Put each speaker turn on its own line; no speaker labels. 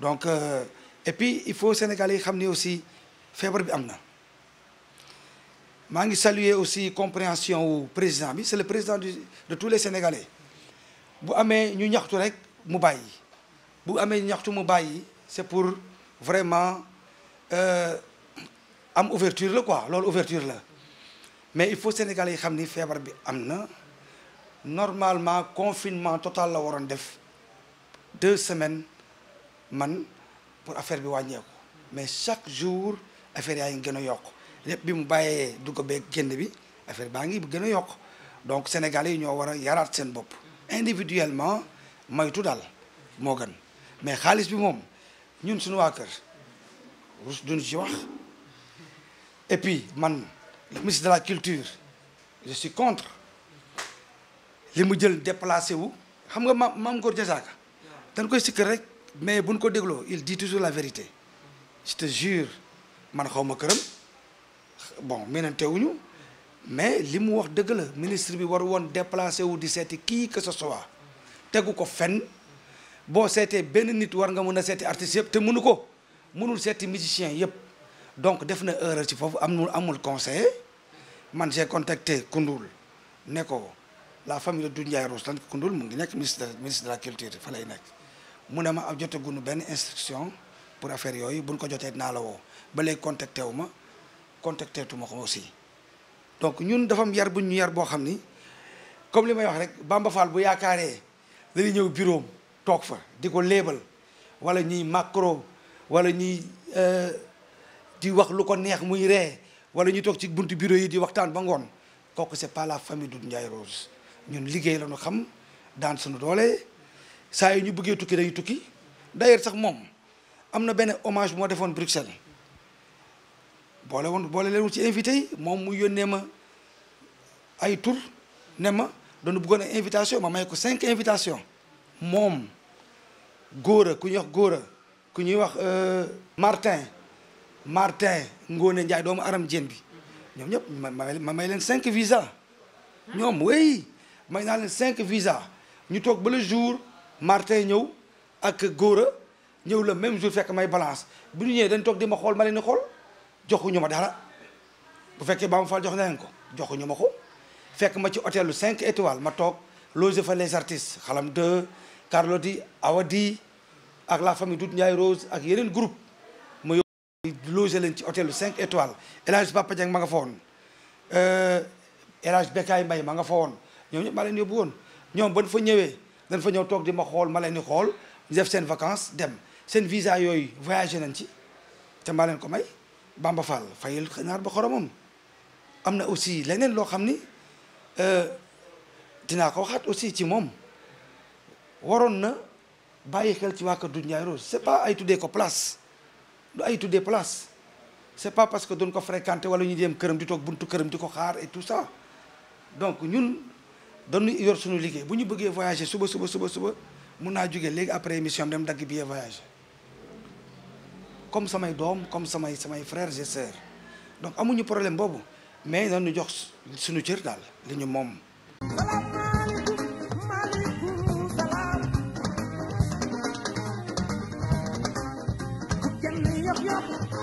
donc euh, et puis il faut Sénégalais yi xam ni aussi feebar bi am na maa ngi saluer aussi compréhension wu président bi c'est le président du, de tous les Sénégalais bu amee ñu ñaxtu rek mu bàyyi bu amee ñu ñaxtu mu bàyyi c'est pour vraiment euh, am ouverture le quoi loolu ouverture la mais il faut Sénégalais yi xam ni feebar bi am na normalement confinement total la waroon def deux semaines man pour affaire bi wàññeeku mais chaque jour affaire yaa ngi gën a yokk lépp bi mu bàyyee dugg bee génn bi affaire baa ngi gën a yokk donc sénégal yi ñoo war a yaraat seen bopp individuellement moytu daal moo gën mais xaalis bi moom ñun suñu waa kër rus duñ wax et puis man le ministre de la culture je suis contre li mu jël déplacé wu xam nga maam maam Ngor Diazaka dañ koy sikkar rek mais bu buñ ko dégloo il dit toujours la vérité je te jure man xaw ma këram bon menante wuñu mais li mu wax dëgg la ministre bi war woon déplacé wu di seeti kii que ce tegu ko fenn boo seetee benn nit war nga mën a seeti artistes yëpp te mënu ko mënul seeti musiciens yëpp donc def na erreur ci foofu amul amul conseil man j'ai contacté Koundoul ne ko la famille du Doudou Ndiaye Rose lan ko kundul mu ngi nekk ministre ministre de la culture fa nekk mu ne ma ab jotagunu benn instruction pour affaire yooyu buñ ko jotee naa la woo ba léegi contacté wu ma contacté tu ma aussi donc ñun dafa am yar bu ñu yar boo xam ni comme li may wax rek Bamba Fall bu yaakaaree dañuy ñëw bureau toog fa di ko léebal wala ñuy macro wala ñuy euh, di wax lu ko neex muy ree wala ñu toog ci buntu bureau yi di waxtaan ba ngoon kooku c'est pas la famille Doudou Ndiaye Rose ñun liggéey la ñu xam daan suñu doole saa yu ñu buggee tukki day tukki d'ailleurs sax moom am na beneen hommage bu ma defoon Bruxelles boole woon boole leen ci invité yi moom mu yónnee ma ay tur ne ma doonu buggoon ay invitation ma may ko cinq invitation moom góora ku ñuy wax góora ku ñuy wax euh, Martin Martin Ngone Ndiaye doomu aram jén bi ñoom ñëpp ma may leen cinq visa ñoom wéy may naa leen cinq visa ñu toog ba le jour Martin ñëw ak Gora ñëw la même jour fekk may balance bu ñu ñëwee dañ toog di ma xool ma leen di xool joxuñu ma dara bu fekkee bamu Fall jox na leen ko joxuñu ma ko fekk ma ci hôtelu cinq étoiles ma toog loger fa les artistes xalam de Carlotti Awadi ak la famille Doudou Ndiaye Rose ak yeneen groupe ma yóbbu loger leen ci hôtelu cinq étoiles El Hadj Papa Dieng ma nga fa woon euh, El Hadj mbay Mbaye nga fa woon ñoom ñëpp maa leen yóbbu woon ñoom ba nu fa ñëwee dañ fa ñëw toog di ma xool ma leen di xool ñu def seen vacances dem seen visa yooyu voyagé nañ ci te ma leen ko may Bamba Fall fayal naar ba xoromam am na aussi leneen loo xam ni euh, dinaa ko waxaat aussi ci moom waroon na bàyyi xel ci waa kër Doudou Ndiaye Rose c'est pas ay tuddee ko place du ay tuddee place c'est pas parce que doon ko fréquenter wala ñu dem këram di toog buntu këram di ko xaar et tout ça doon yor suñu liggéey bu ñu bëggee voyager suba suba suba suba mun naa jóge léegi après émission dem dagg billet voyager comme samay doom comme samay samay frères et sœurs donc amuñu problème boobu mais dañu jox suñu cër daal li ñu moom. Yo, yo.